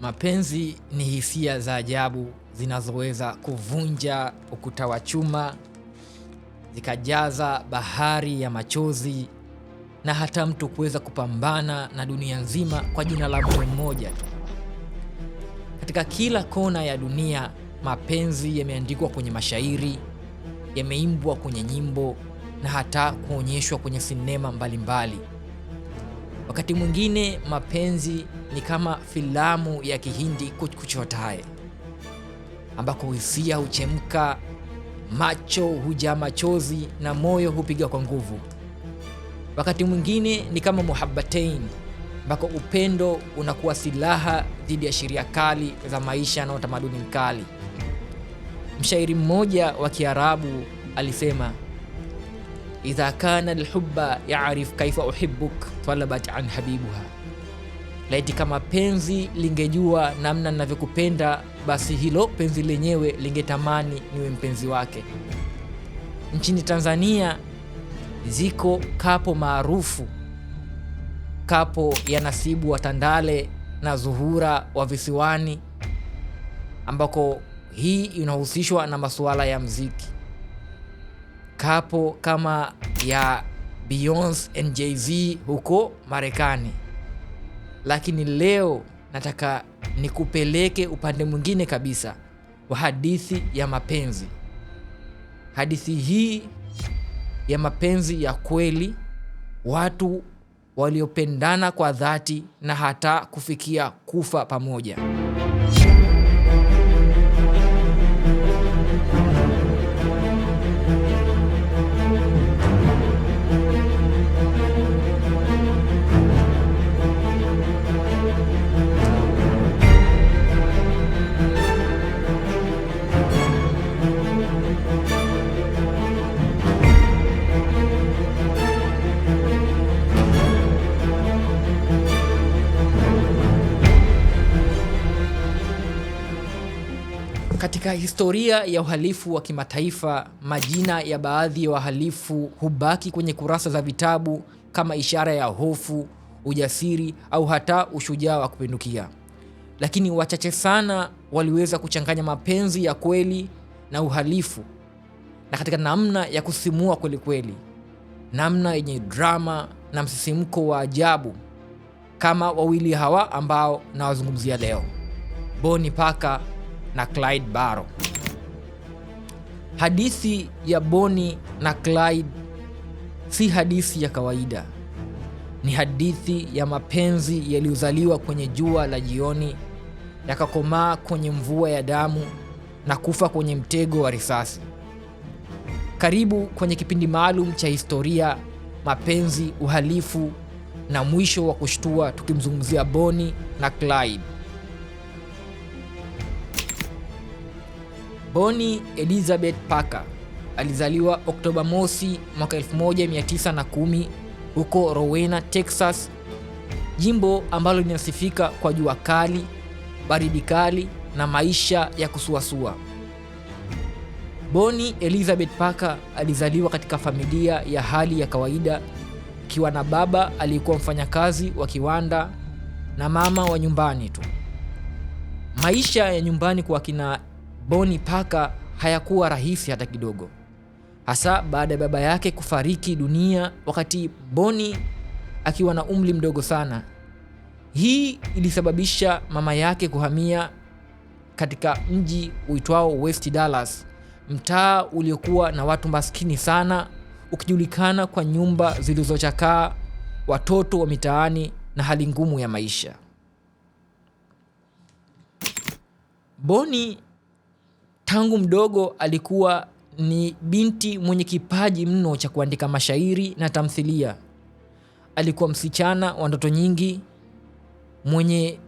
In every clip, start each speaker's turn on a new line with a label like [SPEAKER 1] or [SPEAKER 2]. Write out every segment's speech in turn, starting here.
[SPEAKER 1] Mapenzi ni hisia za ajabu zinazoweza kuvunja ukuta wa chuma, zikajaza bahari ya machozi na hata mtu kuweza kupambana na dunia nzima kwa jina la mtu mmoja tu. Katika kila kona ya dunia, mapenzi yameandikwa kwenye mashairi, yameimbwa kwenye nyimbo na hata kuonyeshwa kwenye sinema mbalimbali mbali. Wakati mwingine mapenzi ni kama filamu ya Kihindi kuchotae ambako hisia huchemka, macho hujaa machozi na moyo hupiga kwa nguvu. Wakati mwingine ni kama Muhabbatain, ambako upendo unakuwa silaha dhidi ya sheria kali za maisha na utamaduni mkali. Mshairi mmoja wa Kiarabu alisema idha kana lhuba yarif kaifa uhibuk talabat an habibuha, laiti kama penzi lingejua namna ninavyokupenda, basi hilo penzi lenyewe lingetamani niwe mpenzi wake. Nchini Tanzania ziko kapo maarufu, kapo ya Nasibu wa Tandale na Zuhura wa Visiwani, ambako hii inahusishwa na masuala ya mziki kapo kama ya Beyonce and Jay-Z huko Marekani, lakini leo nataka nikupeleke upande mwingine kabisa wa hadithi ya mapenzi. Hadithi hii ya mapenzi ya kweli, watu waliopendana kwa dhati na hata kufikia kufa pamoja. Katika historia ya uhalifu wa kimataifa, majina ya baadhi ya wahalifu hubaki kwenye kurasa za vitabu kama ishara ya hofu, ujasiri au hata ushujaa wa kupindukia. Lakini wachache sana waliweza kuchanganya mapenzi ya kweli na uhalifu, na katika namna ya kusimua kweli kweli, namna yenye drama na msisimko wa ajabu, kama wawili hawa ambao nawazungumzia leo, Bonnie Parker na Clyde Barrow. Hadithi ya Bonnie na Clyde si hadithi ya kawaida. Ni hadithi ya mapenzi yaliyozaliwa kwenye jua la jioni, yakakomaa kwenye mvua ya damu na kufa kwenye mtego wa risasi. Karibu kwenye kipindi maalum cha historia, mapenzi, uhalifu na mwisho wa kushtua, tukimzungumzia Bonnie na Clyde. Bonnie Elizabeth Parker alizaliwa Oktoba mosi mwaka 1910 huko Rowena, Texas, jimbo ambalo linasifika kwa jua kali, baridi kali na maisha ya kusuasua. Bonnie Elizabeth Parker alizaliwa katika familia ya hali ya kawaida akiwa na baba aliyekuwa mfanyakazi wa kiwanda na mama wa nyumbani tu. Maisha ya nyumbani kwa kina Boni Parker hayakuwa rahisi hata kidogo, hasa baada ya baba yake kufariki dunia wakati Boni akiwa na umri mdogo sana. Hii ilisababisha mama yake kuhamia katika mji uitwao West Dallas, mtaa uliokuwa na watu maskini sana, ukijulikana kwa nyumba zilizochakaa, watoto wa mitaani na hali ngumu ya maisha. Boni tangu mdogo alikuwa ni binti mwenye kipaji mno cha kuandika mashairi na tamthilia. Alikuwa msichana wa ndoto nyingi mwenye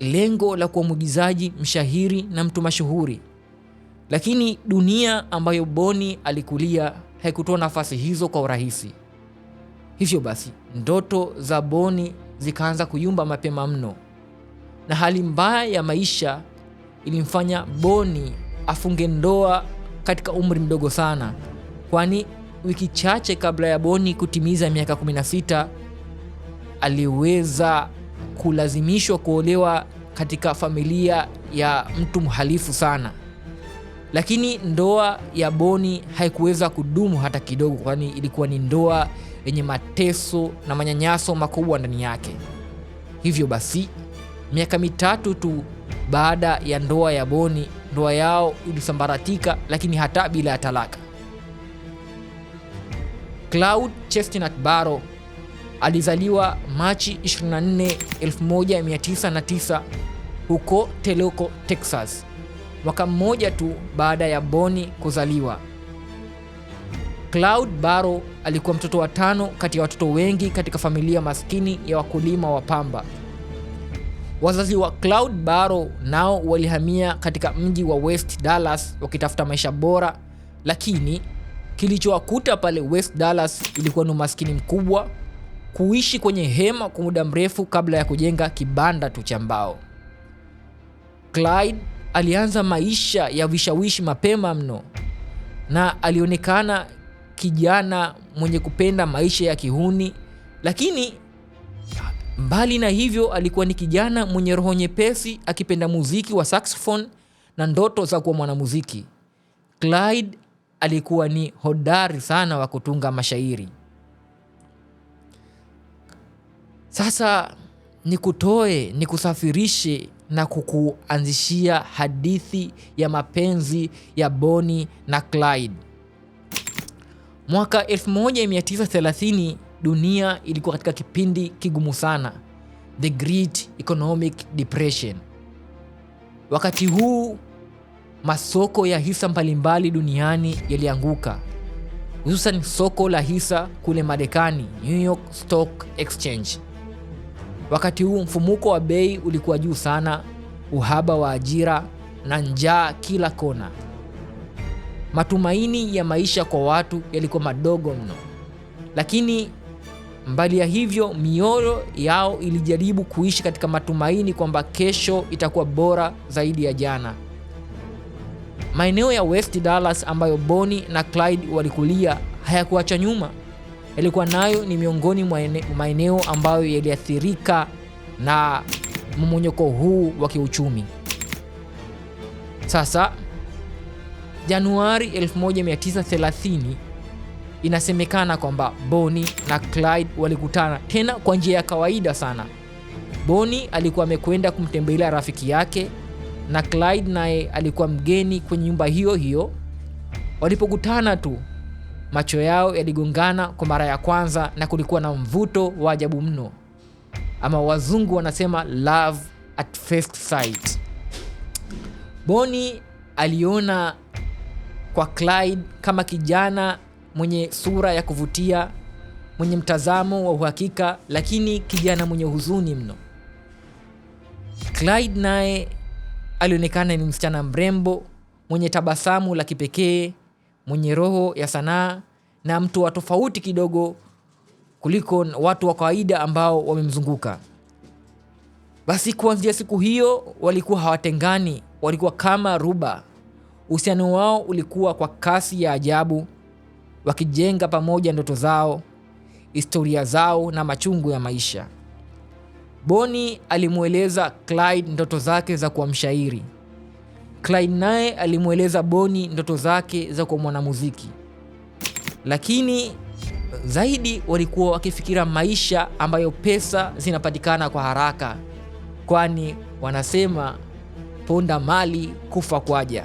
[SPEAKER 1] lengo la kuwa mwigizaji, mshahiri na mtu mashuhuri, lakini dunia ambayo Boni alikulia haikutoa nafasi hizo kwa urahisi. Hivyo basi ndoto za Boni zikaanza kuyumba mapema mno, na hali mbaya ya maisha ilimfanya Boni afunge ndoa katika umri mdogo sana, kwani wiki chache kabla ya Boni kutimiza miaka 16 aliweza kulazimishwa kuolewa katika familia ya mtu mhalifu sana. Lakini ndoa ya Boni haikuweza kudumu hata kidogo, kwani ilikuwa ni ndoa yenye mateso na manyanyaso makubwa ndani yake. Hivyo basi, miaka mitatu tu baada ya ndoa ya Boni ndoa yao ilisambaratika, lakini hata bila ya talaka. Cloud Chestnut Barrow alizaliwa Machi 24, 1909 huko Teloko, Texas, mwaka mmoja tu baada ya Boni kuzaliwa. Cloud Barrow alikuwa mtoto wa tano kati ya watoto wengi katika familia maskini ya wakulima wa pamba. Wazazi wa Cloud Barrow nao walihamia katika mji wa West Dallas wakitafuta maisha bora, lakini kilichowakuta pale West Dallas ilikuwa ni umaskini mkubwa, kuishi kwenye hema kwa muda mrefu kabla ya kujenga kibanda tu cha mbao. Clyde alianza maisha ya vishawishi mapema mno na alionekana kijana mwenye kupenda maisha ya kihuni, lakini Mbali na hivyo, alikuwa ni kijana mwenye roho nyepesi, akipenda muziki wa saxophone na ndoto za kuwa mwanamuziki. Clyde alikuwa ni hodari sana wa kutunga mashairi. Sasa nikutoe, nikusafirishe na kukuanzishia hadithi ya mapenzi ya Bonnie na Clyde. Mwaka 1930 dunia ilikuwa katika kipindi kigumu sana, the Great Economic Depression. Wakati huu masoko ya hisa mbalimbali duniani yalianguka, hususan soko la hisa kule Marekani, New York Stock Exchange. Wakati huu mfumuko wa bei ulikuwa juu sana, uhaba wa ajira na njaa kila kona. Matumaini ya maisha kwa watu yalikuwa madogo mno, lakini Mbali ya hivyo, mioyo yao ilijaribu kuishi katika matumaini kwamba kesho itakuwa bora zaidi ya jana. Maeneo ya West Dallas ambayo Bonnie na Clyde walikulia hayakuacha nyuma, yalikuwa nayo ni miongoni mwa maeneo ambayo yaliathirika na mmonyoko huu wa kiuchumi. Sasa Januari 1930 Inasemekana kwamba boni na Clyde walikutana tena kwa njia ya kawaida sana. boni alikuwa amekwenda kumtembelea rafiki yake na Clyde naye alikuwa mgeni kwenye nyumba hiyo hiyo. Walipokutana tu, macho yao yaligongana kwa mara ya kwanza na kulikuwa na mvuto wa ajabu mno. Ama wazungu wanasema love at first sight. Boni aliona kwa Clyde kama kijana mwenye sura ya kuvutia, mwenye mtazamo wa uhakika, lakini kijana mwenye huzuni mno. Clyde naye alionekana ni msichana mrembo mwenye tabasamu la kipekee, mwenye roho ya sanaa na mtu wa tofauti kidogo kuliko watu wa kawaida ambao wamemzunguka. Basi kuanzia siku hiyo walikuwa hawatengani, walikuwa kama ruba. Uhusiano wao ulikuwa kwa kasi ya ajabu wakijenga pamoja ndoto zao, historia zao na machungu ya maisha. Boni alimweleza Clyde ndoto zake za kuwa mshairi. Clyde naye alimweleza Boni ndoto zake za kuwa mwanamuziki, lakini zaidi walikuwa wakifikira maisha ambayo pesa zinapatikana kwa haraka, kwani wanasema ponda mali kufa kwaja.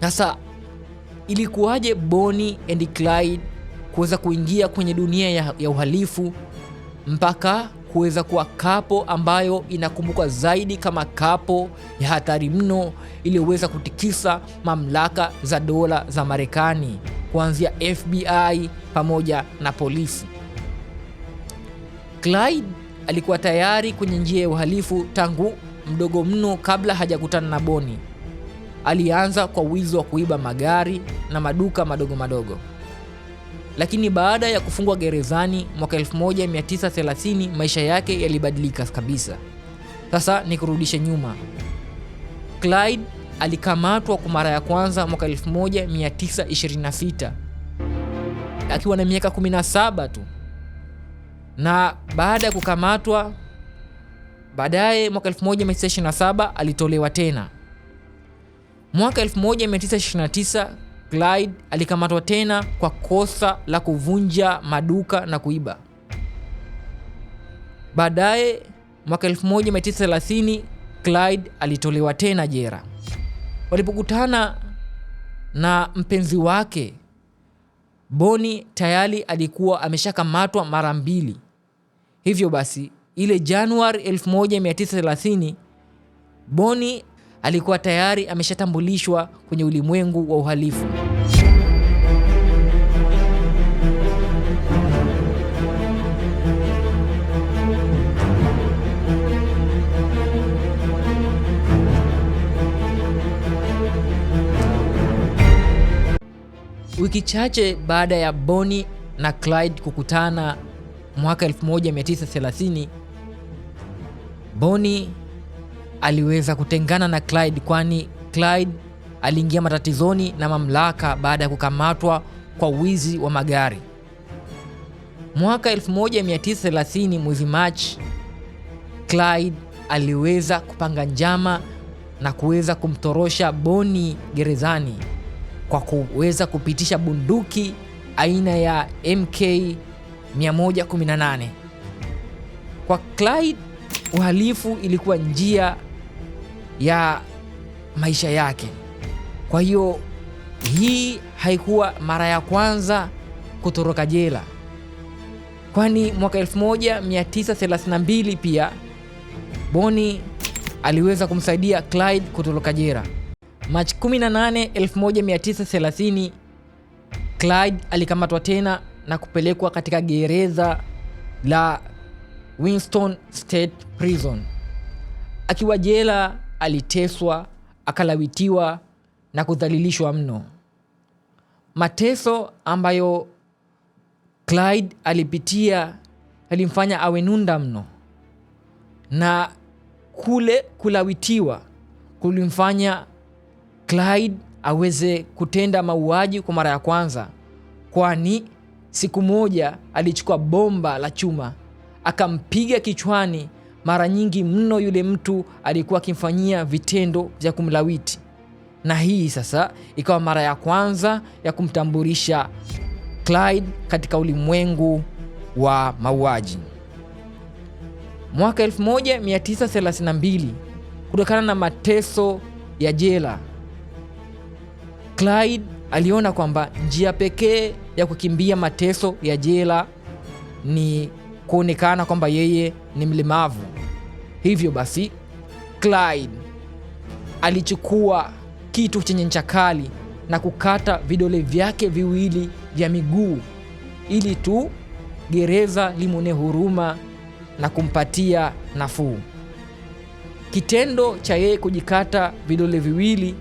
[SPEAKER 1] Sasa ilikuwaje Bonnie and Clyde kuweza kuingia kwenye dunia ya, ya uhalifu mpaka kuweza kuwa kapo ambayo inakumbukwa zaidi kama kapo ya hatari mno iliyoweza kutikisa mamlaka za dola za Marekani kuanzia FBI pamoja na polisi. Clyde alikuwa tayari kwenye njia ya uhalifu tangu mdogo mno kabla hajakutana na Bonnie alianza kwa wizi wa kuiba magari na maduka madogo madogo. Lakini baada ya kufungwa gerezani mwaka 1930 maisha yake yalibadilika kabisa. Sasa nikurudishe nyuma. Clyde alikamatwa kwa mara ya kwanza mwaka 1926 akiwa na miaka 17 tu, na baada ya kukamatwa, baadaye mwaka 1927 alitolewa tena. Mwaka 1929 Clyde alikamatwa tena kwa kosa la kuvunja maduka na kuiba. Baadaye mwaka 1930 Clyde alitolewa tena jera Walipokutana na mpenzi wake boni tayari alikuwa ameshakamatwa mara mbili. Hivyo basi ile Januari 1930 Boni alikuwa tayari ameshatambulishwa kwenye ulimwengu wa uhalifu. Wiki chache baada ya Bonnie na Clyde kukutana mwaka 1930, Bonnie aliweza kutengana na Clyde, kwani Clyde aliingia matatizoni na mamlaka baada ya kukamatwa kwa wizi wa magari. Mwaka 1930 mwezi Machi, Clyde aliweza kupanga njama na kuweza kumtorosha Boni gerezani kwa kuweza kupitisha bunduki aina ya MK 118. Kwa Clyde, uhalifu ilikuwa njia ya maisha yake. Kwa hiyo hii haikuwa mara ya kwanza kutoroka jela, kwani mwaka 1932 pia Boni aliweza kumsaidia Clyde kutoroka jela. Machi 18, 1930 Clyde alikamatwa tena na kupelekwa katika gereza la Winston State Prison. Akiwa jela aliteswa, akalawitiwa na kudhalilishwa mno. Mateso ambayo Clyde alipitia alimfanya awe nunda mno, na kule kulawitiwa kulimfanya Clyde aweze kutenda mauaji kwa mara ya kwanza, kwani siku moja alichukua bomba la chuma akampiga kichwani mara nyingi mno yule mtu alikuwa akimfanyia vitendo vya kumlawiti, na hii sasa ikawa mara ya kwanza ya kumtambulisha Clyde katika ulimwengu wa mauaji. Mwaka 1932 kutokana na mateso ya jela, Clyde aliona kwamba njia pekee ya kukimbia mateso ya jela ni kuonekana kwamba yeye ni mlemavu. Hivyo basi, Clyde alichukua kitu chenye ncha kali na kukata vidole vyake viwili vya miguu ili tu gereza limwone huruma na kumpatia nafuu. Kitendo cha yeye kujikata vidole viwili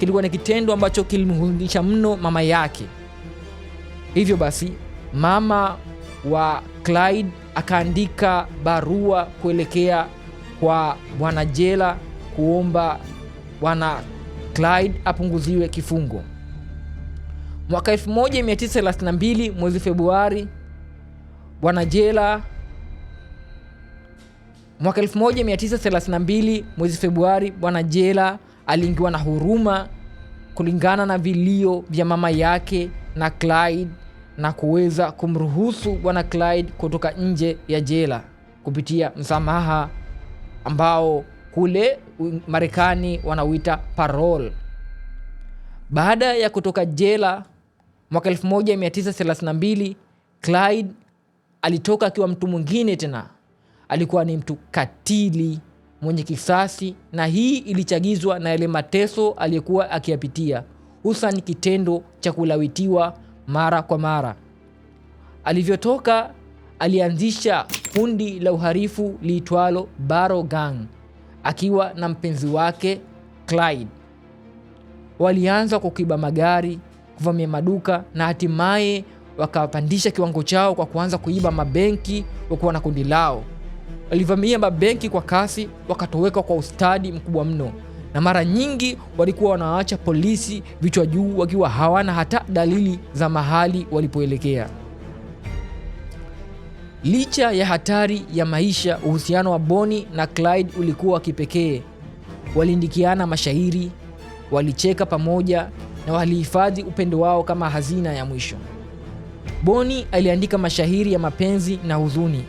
[SPEAKER 1] kilikuwa ni kitendo ambacho kilimhuzunisha mno mama yake. Hivyo basi mama wa Clyde akaandika barua kuelekea kwa bwana jela kuomba bwana Clyde apunguziwe kifungo. Mwaka 1932 mwezi Februari, bwana jela mwaka 1932 mwezi Februari, bwana jela aliingiwa na huruma kulingana na vilio vya mama yake na Clyde na kuweza kumruhusu bwana Clyde kutoka nje ya jela kupitia msamaha ambao kule Marekani wanauita parole. Baada ya kutoka jela mwaka 1932 Clyde alitoka akiwa mtu mwingine tena. Alikuwa ni mtu katili mwenye kisasi, na hii ilichagizwa na yale mateso aliyokuwa akiyapitia, hususan kitendo cha kulawitiwa mara kwa mara. Alivyotoka, alianzisha kundi la uhalifu liitwalo Baro Gang akiwa na mpenzi wake Clyde. Walianza kuiba magari, kuvamia maduka na hatimaye wakapandisha kiwango chao kwa kuanza kuiba mabenki wakiwa na kundi lao. Walivamia mabenki kwa kasi, wakatoweka kwa ustadi mkubwa mno na mara nyingi walikuwa wanawaacha polisi vichwa juu wakiwa hawana hata dalili za mahali walipoelekea. Licha ya hatari ya maisha, uhusiano wa Bonnie na Clyde ulikuwa wa kipekee. Waliandikiana mashairi, walicheka pamoja na walihifadhi upendo wao kama hazina ya mwisho. Bonnie aliandika mashairi ya mapenzi na huzuni.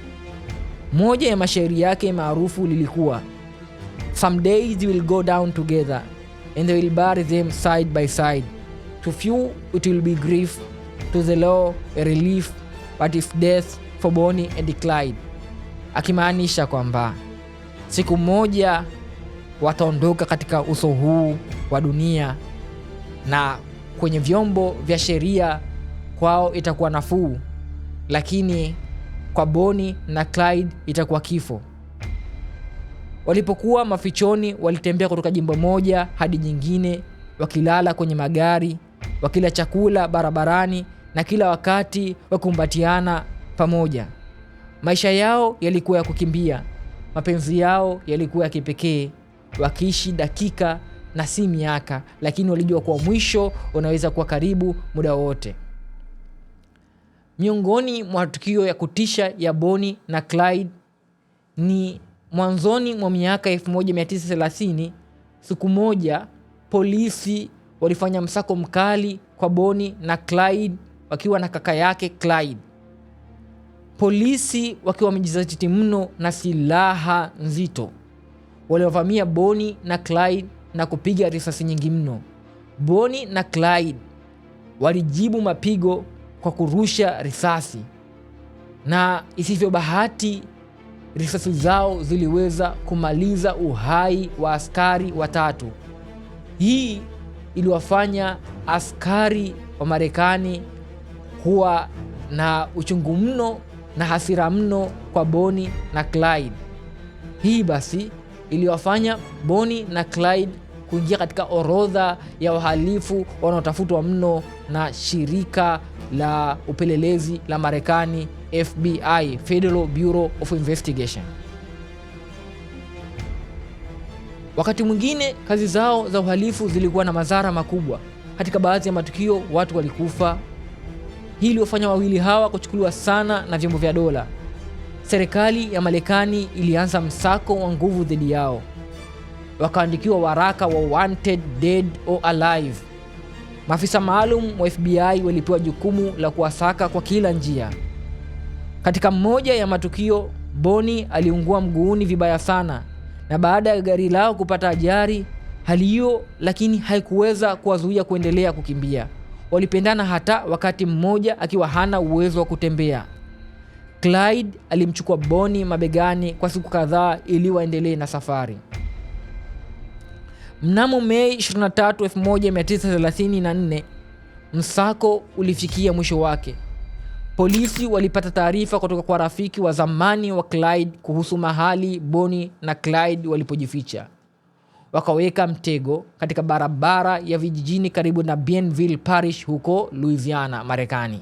[SPEAKER 1] Moja ya mashairi yake maarufu lilikuwa Some days you will go down together, and they will bury them side by side. To few it will be grief, to the law a relief, but if death for Bonnie and clyde Akimaanisha kwamba siku moja wataondoka katika uso huu wa dunia na kwenye vyombo vya sheria kwao itakuwa nafuu, lakini kwa Bonnie na Clyde itakuwa kifo. Walipokuwa mafichoni, walitembea kutoka jimbo moja hadi jingine, wakilala kwenye magari, wakila chakula barabarani, na kila wakati wakumbatiana pamoja. Maisha yao yalikuwa ya kukimbia, mapenzi yao yalikuwa ya kipekee, wakiishi dakika na si miaka, lakini walijua kuwa mwisho unaweza kuwa karibu muda wote. Miongoni mwa matukio ya kutisha ya Bonnie na Clyde ni Mwanzoni mwa miaka 1930 siku moja, polisi walifanya msako mkali kwa boni na Clyde wakiwa na kaka yake Clyde. Polisi wakiwa wamejizatiti mno na silaha nzito waliovamia boni na Clyde na kupiga risasi nyingi mno. boni na Clyde walijibu mapigo kwa kurusha risasi, na isivyo bahati risasi zao ziliweza kumaliza uhai wa askari watatu. Hii iliwafanya askari wa Marekani kuwa na uchungu mno na hasira mno kwa boni na Clyde. Hii basi iliwafanya Boni na Clyde kuingia katika orodha ya wahalifu wanaotafutwa mno na shirika la upelelezi la Marekani FBI, Federal Bureau of Investigation. Wakati mwingine kazi zao za uhalifu zilikuwa na madhara makubwa. Katika baadhi ya matukio watu walikufa. Hii iliwafanya wawili hawa kuchukuliwa sana na vyombo vya dola. Serikali ya Marekani ilianza msako wa nguvu dhidi yao. Wakaandikiwa waraka wa wanted dead or alive. Maafisa maalum wa FBI walipewa jukumu la kuwasaka kwa kila njia. Katika mmoja ya matukio, Boni aliungua mguuni vibaya sana, na baada ya gari lao kupata ajali, hali hiyo lakini haikuweza kuwazuia kuendelea kukimbia. Walipendana hata wakati mmoja akiwa hana uwezo wa kutembea. Clyde alimchukua Boni mabegani kwa siku kadhaa ili waendelee na safari. Mnamo Mei 23, 1934 msako ulifikia mwisho wake. Polisi walipata taarifa kutoka kwa rafiki wa zamani wa Clyde kuhusu mahali boni na Clyde walipojificha. Wakaweka mtego katika barabara ya vijijini karibu na Bienville Parish huko Louisiana, Marekani.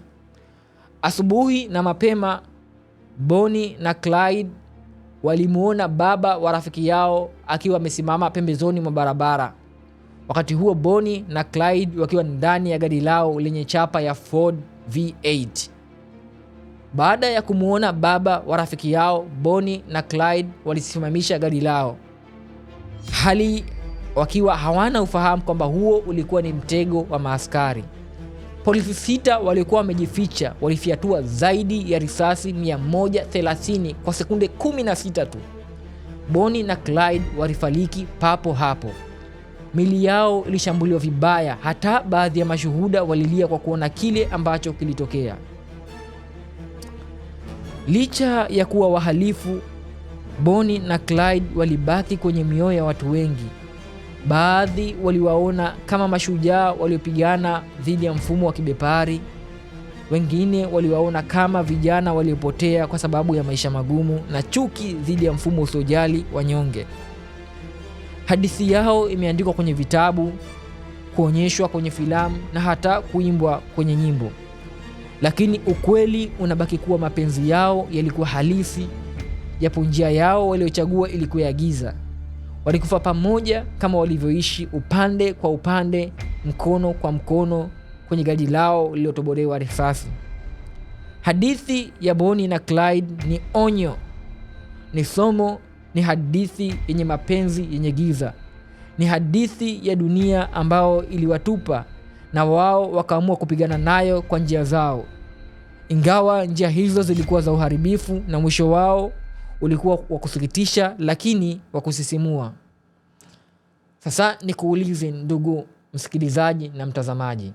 [SPEAKER 1] Asubuhi na mapema, boni na Clyde walimuona baba wa rafiki yao akiwa amesimama pembezoni mwa barabara. Wakati huo Boni na Clyde wakiwa ndani ya gari lao lenye chapa ya Ford V8. Baada ya kumwona baba wa rafiki yao, Bonnie na Clyde walisimamisha gari lao, hali wakiwa hawana ufahamu kwamba huo ulikuwa ni mtego wa maaskari. Polisi sita waliokuwa wamejificha walifyatua zaidi ya risasi 130 kwa sekunde 16 tu. Bonnie na Clyde walifariki papo hapo. Mili yao ilishambuliwa vibaya, hata baadhi ya mashuhuda walilia kwa kuona kile ambacho kilitokea. Licha ya kuwa wahalifu, Bonnie na Clyde walibaki kwenye mioyo ya watu wengi. Baadhi waliwaona kama mashujaa waliopigana dhidi ya mfumo wa kibepari, wengine waliwaona kama vijana waliopotea kwa sababu ya maisha magumu na chuki dhidi ya mfumo usiojali wanyonge. Hadithi yao imeandikwa kwenye vitabu, kuonyeshwa kwenye filamu na hata kuimbwa kwenye nyimbo lakini ukweli unabaki kuwa mapenzi yao yalikuwa halisi, japo njia yao waliochagua ilikuwa ya giza. Walikufa pamoja kama walivyoishi, upande kwa upande, mkono kwa mkono, kwenye gari lao lililotobolewa risasi. Hadithi ya Bonnie na Clyde ni onyo, ni somo, ni hadithi yenye mapenzi yenye giza, ni hadithi ya dunia ambayo iliwatupa na wao wakaamua kupigana nayo kwa njia zao. Ingawa njia hizo zilikuwa za uharibifu na mwisho wao ulikuwa wa kusikitisha, lakini wa kusisimua. Sasa nikuulize ndugu msikilizaji na mtazamaji,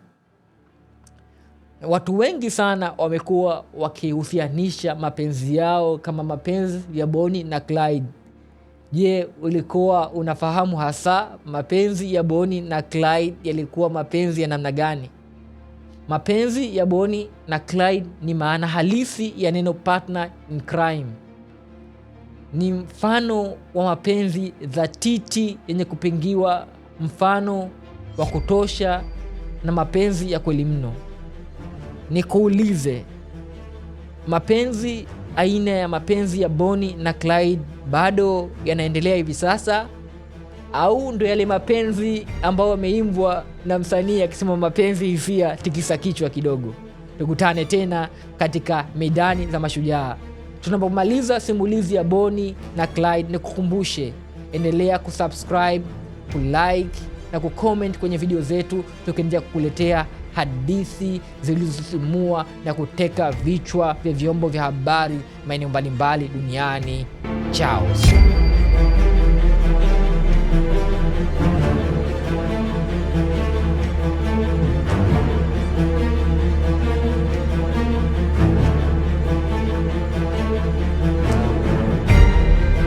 [SPEAKER 1] watu wengi sana wamekuwa wakihusianisha mapenzi yao kama mapenzi ya Bonnie na Clyde. Je, ulikuwa unafahamu hasa mapenzi ya Bonnie na Clyde yalikuwa mapenzi ya namna gani? Mapenzi ya Bonnie na Clyde ni maana halisi ya neno partner in crime. Ni mfano wa mapenzi dhatiti yenye kupingiwa, mfano wa kutosha na mapenzi ya kweli mno. Nikuulize, mapenzi aina ya mapenzi ya Bonnie na Clyde bado yanaendelea hivi sasa? au ndo yale mapenzi ambayo ameimbwa na msanii akisema mapenzi hisia, tikisa kichwa kidogo. Tukutane tena katika medani za mashujaa. Tunapomaliza simulizi ya boni na Clyde, nikukumbushe, endelea kusubscribe, kulike na kucomment kwenye video zetu, tukiendelea kukuletea hadithi zilizosimua na kuteka vichwa vya vyombo vya habari maeneo mbalimbali duniani. Chao.